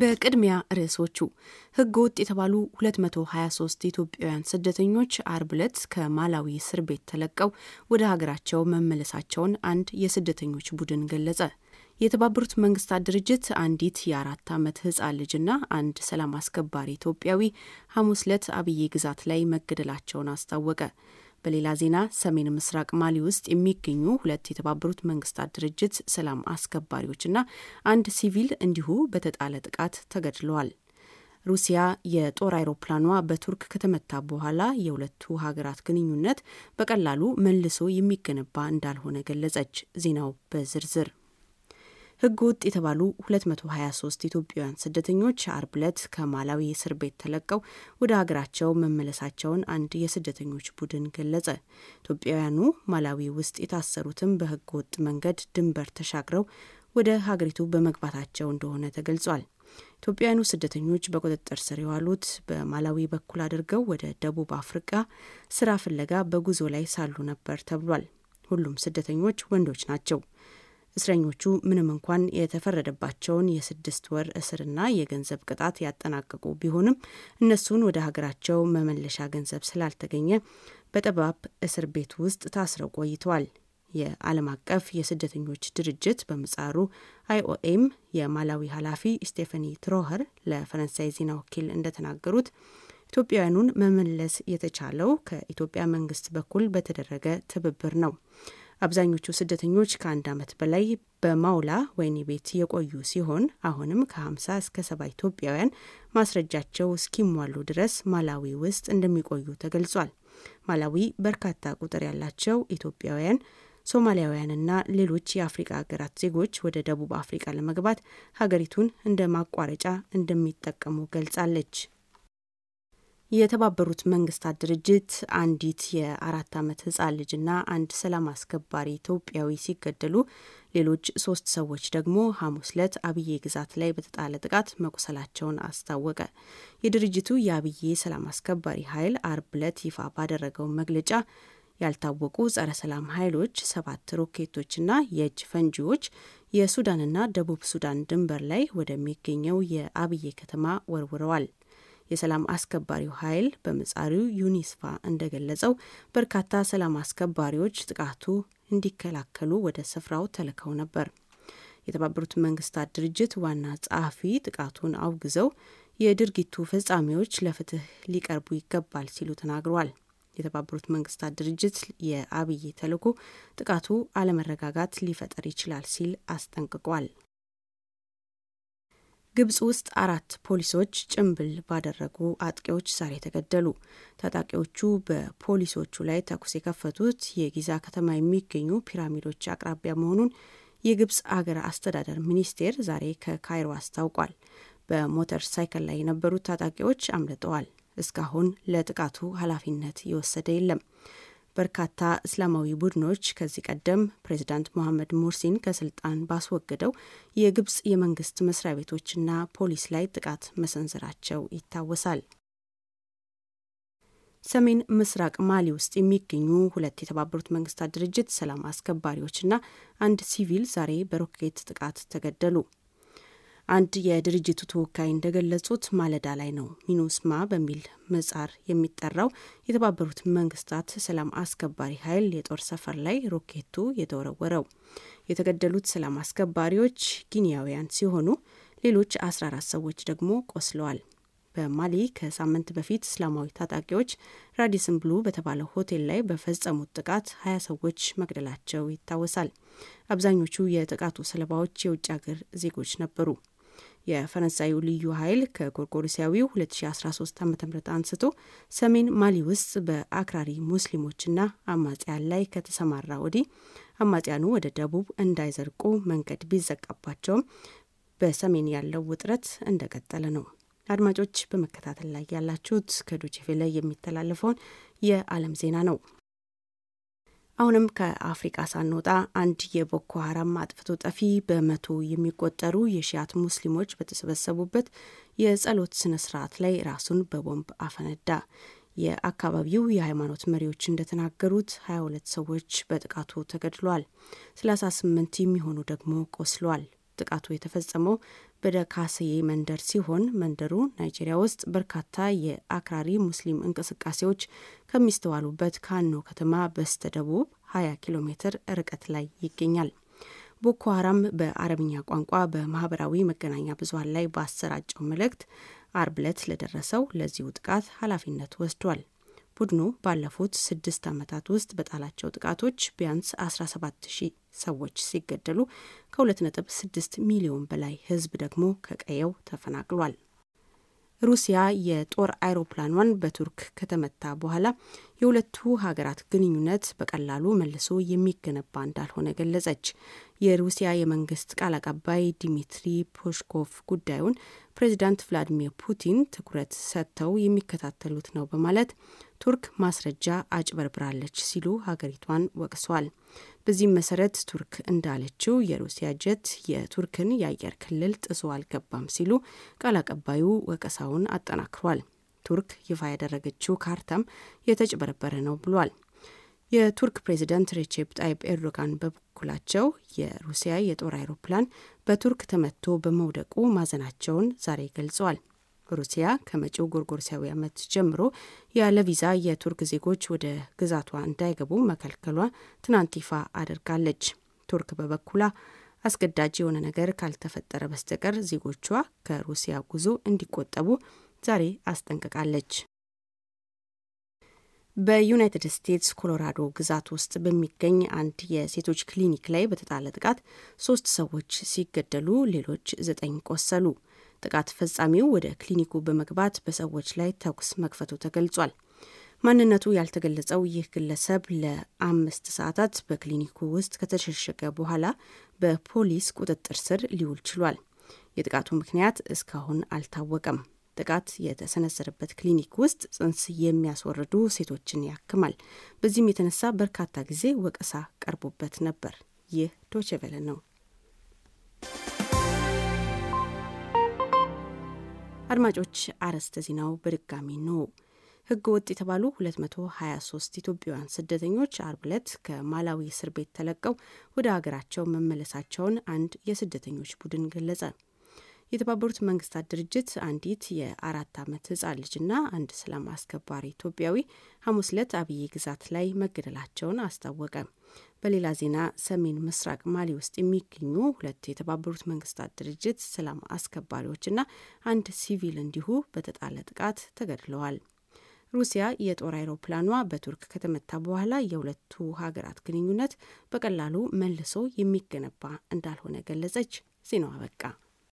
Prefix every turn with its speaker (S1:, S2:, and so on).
S1: በቅድሚያ ርዕሶቹ ህገ ወጥ የተባሉ 223 ኢትዮጵያውያን ስደተኞች አርብ ዕለት ከማላዊ እስር ቤት ተለቀው ወደ ሀገራቸው መመለሳቸውን አንድ የስደተኞች ቡድን ገለጸ። የተባበሩት መንግስታት ድርጅት አንዲት የአራት ዓመት ህጻን ልጅና አንድ ሰላም አስከባሪ ኢትዮጵያዊ ሐሙስ ዕለት አብዬ ግዛት ላይ መገደላቸውን አስታወቀ። በሌላ ዜና ሰሜን ምስራቅ ማሊ ውስጥ የሚገኙ ሁለት የተባበሩት መንግስታት ድርጅት ሰላም አስከባሪዎችና አንድ ሲቪል እንዲሁ በተጣለ ጥቃት ተገድለዋል። ሩሲያ የጦር አይሮፕላኗ በቱርክ ከተመታ በኋላ የሁለቱ ሀገራት ግንኙነት በቀላሉ መልሶ የሚገነባ እንዳልሆነ ገለጸች። ዜናው በዝርዝር ህገ ወጥ የተባሉ 223 ኢትዮጵያውያን ስደተኞች አርብ ዕለት ከማላዊ እስር ቤት ተለቀው ወደ ሀገራቸው መመለሳቸውን አንድ የስደተኞች ቡድን ገለጸ። ኢትዮጵያውያኑ ማላዊ ውስጥ የታሰሩትም በህገ ወጥ መንገድ ድንበር ተሻግረው ወደ ሀገሪቱ በመግባታቸው እንደሆነ ተገልጿል። ኢትዮጵያውያኑ ስደተኞች በቁጥጥር ስር የዋሉት በማላዊ በኩል አድርገው ወደ ደቡብ አፍሪቃ ስራ ፍለጋ በጉዞ ላይ ሳሉ ነበር ተብሏል። ሁሉም ስደተኞች ወንዶች ናቸው። እስረኞቹ ምንም እንኳን የተፈረደባቸውን የስድስት ወር እስርና የገንዘብ ቅጣት ያጠናቀቁ ቢሆንም እነሱን ወደ ሀገራቸው መመለሻ ገንዘብ ስላልተገኘ በጠባብ እስር ቤት ውስጥ ታስረው ቆይተዋል። የዓለም አቀፍ የስደተኞች ድርጅት በምጻሩ አይኦኤም የማላዊ ኃላፊ ስቴፈኒ ትሮኸር ለፈረንሳይ ዜና ወኪል እንደተናገሩት ኢትዮጵያውያኑን መመለስ የተቻለው ከኢትዮጵያ መንግስት በኩል በተደረገ ትብብር ነው። አብዛኞቹ ስደተኞች ከአንድ ዓመት በላይ በማውላ ወህኒ ቤት የቆዩ ሲሆን አሁንም ከ50 እስከ ሰባ ኢትዮጵያውያን ማስረጃቸው እስኪሟሉ ድረስ ማላዊ ውስጥ እንደሚቆዩ ተገልጿል። ማላዊ በርካታ ቁጥር ያላቸው ኢትዮጵያውያን ሶማሊያውያንና ሌሎች የአፍሪቃ ሀገራት ዜጎች ወደ ደቡብ አፍሪቃ ለመግባት ሀገሪቱን እንደ ማቋረጫ እንደሚጠቀሙ ገልጻለች። የተባበሩት መንግስታት ድርጅት አንዲት የአራት ዓመት ህጻን ልጅና አንድ ሰላም አስከባሪ ኢትዮጵያዊ ሲገደሉ ሌሎች ሶስት ሰዎች ደግሞ ሐሙስ ዕለት አብዬ ግዛት ላይ በተጣለ ጥቃት መቁሰላቸውን አስታወቀ። የድርጅቱ የአብዬ ሰላም አስከባሪ ኃይል አርብ ዕለት ይፋ ባደረገው መግለጫ ያልታወቁ ጸረ ሰላም ኃይሎች ሰባት ሮኬቶችና የእጅ ፈንጂዎች የሱዳንና ደቡብ ሱዳን ድንበር ላይ ወደሚገኘው የአብዬ ከተማ ወርውረዋል። የሰላም አስከባሪው ኃይል በምጻሪው ዩኒስፋ እንደገለጸው በርካታ ሰላም አስከባሪዎች ጥቃቱ እንዲከላከሉ ወደ ስፍራው ተልከው ነበር። የተባበሩት መንግስታት ድርጅት ዋና ጸሐፊ ጥቃቱን አውግዘው የድርጊቱ ፍጻሜዎች ለፍትህ ሊቀርቡ ይገባል ሲሉ ተናግረዋል። የተባበሩት መንግስታት ድርጅት የአብይ ተልኮ ጥቃቱ አለመረጋጋት ሊፈጠር ይችላል ሲል አስጠንቅቋል። ግብጽ ውስጥ አራት ፖሊሶች ጭንብል ባደረጉ አጥቂዎች ዛሬ ተገደሉ። ታጣቂዎቹ በፖሊሶቹ ላይ ተኩስ የከፈቱት የጊዛ ከተማ የሚገኙ ፒራሚዶች አቅራቢያ መሆኑን የግብጽ አገር አስተዳደር ሚኒስቴር ዛሬ ከካይሮ አስታውቋል። በሞተር ሳይክል ላይ የነበሩት ታጣቂዎች አምልጠዋል። እስካሁን ለጥቃቱ ኃላፊነት የወሰደ የለም። በርካታ እስላማዊ ቡድኖች ከዚህ ቀደም ፕሬዚዳንት ሞሐመድ ሙርሲን ከስልጣን ባስወገደው የግብፅ የመንግስት መስሪያ ቤቶችና ፖሊስ ላይ ጥቃት መሰንዘራቸው ይታወሳል። ሰሜን ምስራቅ ማሊ ውስጥ የሚገኙ ሁለት የተባበሩት መንግስታት ድርጅት ሰላም አስከባሪዎችና አንድ ሲቪል ዛሬ በሮኬት ጥቃት ተገደሉ። አንድ የድርጅቱ ተወካይ እንደገለጹት ማለዳ ላይ ነው ሚኑስማ በሚል ምጻር የሚጠራው የተባበሩት መንግስታት ሰላም አስከባሪ ኃይል የጦር ሰፈር ላይ ሮኬቱ የተወረወረው። የተገደሉት ሰላም አስከባሪዎች ጊኒያውያን ሲሆኑ ሌሎች 14 ሰዎች ደግሞ ቆስለዋል። በማሊ ከሳምንት በፊት እስላማዊ ታጣቂዎች ራዲስን ብሉ በተባለው ሆቴል ላይ በፈጸሙት ጥቃት 20 ሰዎች መግደላቸው ይታወሳል። አብዛኞቹ የጥቃቱ ሰለባዎች የውጭ ሀገር ዜጎች ነበሩ። የፈረንሳዩ ልዩ ኃይል ከጎርጎሮሳዊው 2013 ዓ ም አንስቶ ሰሜን ማሊ ውስጥ በአክራሪ ሙስሊሞችና አማጽያን ላይ ከተሰማራ ወዲህ አማጽያኑ ወደ ደቡብ እንዳይዘርቁ መንገድ ቢዘጋባቸውም በሰሜን ያለው ውጥረት እንደቀጠለ ነው። አድማጮች በመከታተል ላይ ያላችሁት ከዶቼ ቬለ የሚተላለፈውን የዓለም ዜና ነው። አሁንም ከአፍሪቃ ሳንወጣ አንድ የቦኮ ሀራም አጥፍቶ ጠፊ በመቶ የሚቆጠሩ የሺያት ሙስሊሞች በተሰበሰቡበት የጸሎት ስነ ስርዓት ላይ ራሱን በቦምብ አፈነዳ። የአካባቢው የሃይማኖት መሪዎች እንደተናገሩት 22 ሰዎች በጥቃቱ ተገድሏል፣ 38 የሚሆኑ ደግሞ ቆስሏል። ጥቃቱ የተፈጸመው በደካሴ መንደር ሲሆን መንደሩ ናይጄሪያ ውስጥ በርካታ የአክራሪ ሙስሊም እንቅስቃሴዎች ከሚስተዋሉበት ካኖ ከተማ በስተደቡብ 20 ኪሎ ሜትር ርቀት ላይ ይገኛል። ቦኮ ሀራም በአረብኛ ቋንቋ በማህበራዊ መገናኛ ብዙሀን ላይ ባሰራጨው መልእክት አርብ ዕለት ለደረሰው ለዚሁ ጥቃት ኃላፊነት ወስዷል። ቡድኑ ባለፉት ስድስት ዓመታት ውስጥ በጣላቸው ጥቃቶች ቢያንስ 17 ሺህ ሰዎች ሲገደሉ ከ2.6 ሚሊዮን በላይ ህዝብ ደግሞ ከቀየው ተፈናቅሏል። ሩሲያ የጦር አይሮፕላኗን በቱርክ ከተመታ በኋላ የሁለቱ ሀገራት ግንኙነት በቀላሉ መልሶ የሚገነባ እንዳልሆነ ገለጸች። የሩሲያ የመንግስት ቃል አቀባይ ዲሚትሪ ፖሽኮቭ ጉዳዩን ፕሬዚዳንት ቭላዲሚር ፑቲን ትኩረት ሰጥተው የሚከታተሉት ነው በማለት ቱርክ ማስረጃ አጭበርብራለች ሲሉ ሀገሪቷን ወቅሷል። በዚህም መሰረት ቱርክ እንዳለችው የሩሲያ ጀት የቱርክን የአየር ክልል ጥሶ አልገባም ሲሉ ቃል አቀባዩ ወቀሳውን አጠናክሯል። ቱርክ ይፋ ያደረገችው ካርታም የተጭበረበረ ነው ብሏል። የቱርክ ፕሬዚደንት ሬቼፕ ጣይብ ኤርዶጋን በበኩላቸው የሩሲያ የጦር አይሮፕላን በቱርክ ተመቶ በመውደቁ ማዘናቸውን ዛሬ ገልጸዋል። ሩሲያ ከመጪው ጎርጎርሳዊ ዓመት ጀምሮ ያለ ቪዛ የቱርክ ዜጎች ወደ ግዛቷ እንዳይገቡ መከልከሏ ትናንት ይፋ አድርጋለች። ቱርክ በበኩላ አስገዳጅ የሆነ ነገር ካልተፈጠረ በስተቀር ዜጎቿ ከሩሲያ ጉዞ እንዲቆጠቡ ዛሬ አስጠንቅቃለች። በዩናይትድ ስቴትስ ኮሎራዶ ግዛት ውስጥ በሚገኝ አንድ የሴቶች ክሊኒክ ላይ በተጣለ ጥቃት ሶስት ሰዎች ሲገደሉ ሌሎች ዘጠኝ ቆሰሉ። ጥቃት ፈጻሚው ወደ ክሊኒኩ በመግባት በሰዎች ላይ ተኩስ መክፈቱ ተገልጿል። ማንነቱ ያልተገለጸው ይህ ግለሰብ ለአምስት ሰዓታት በክሊኒኩ ውስጥ ከተሸሸገ በኋላ በፖሊስ ቁጥጥር ስር ሊውል ችሏል። የጥቃቱ ምክንያት እስካሁን አልታወቀም። ጥቃት የተሰነዘረበት ክሊኒክ ውስጥ ጽንስ የሚያስወርዱ ሴቶችን ያክማል። በዚህም የተነሳ በርካታ ጊዜ ወቀሳ ቀርቦበት ነበር። ይህ ዶቼ ቬለ ነው። አድማጮች አርዕስተ ዜናው በድጋሚ ነው። ህገ ወጥ የተባሉ 223 ኢትዮጵያውያን ስደተኞች አርብ ዕለት ከማላዊ እስር ቤት ተለቀው ወደ ሀገራቸው መመለሳቸውን አንድ የስደተኞች ቡድን ገለጸ። የተባበሩት መንግስታት ድርጅት አንዲት የአራት ዓመት ህጻን ልጅና አንድ ሰላም አስከባሪ ኢትዮጵያዊ ሐሙስ ዕለት አብዬ ግዛት ላይ መገደላቸውን አስታወቀ። በሌላ ዜና ሰሜን ምስራቅ ማሊ ውስጥ የሚገኙ ሁለት የተባበሩት መንግስታት ድርጅት ሰላም አስከባሪዎችና አንድ ሲቪል እንዲሁ በተጣለ ጥቃት ተገድለዋል። ሩሲያ የጦር አይሮፕላኗ በቱርክ ከተመታ በኋላ የሁለቱ ሀገራት ግንኙነት በቀላሉ መልሶ የሚገነባ እንዳልሆነ ገለጸች። ዜናው አበቃ።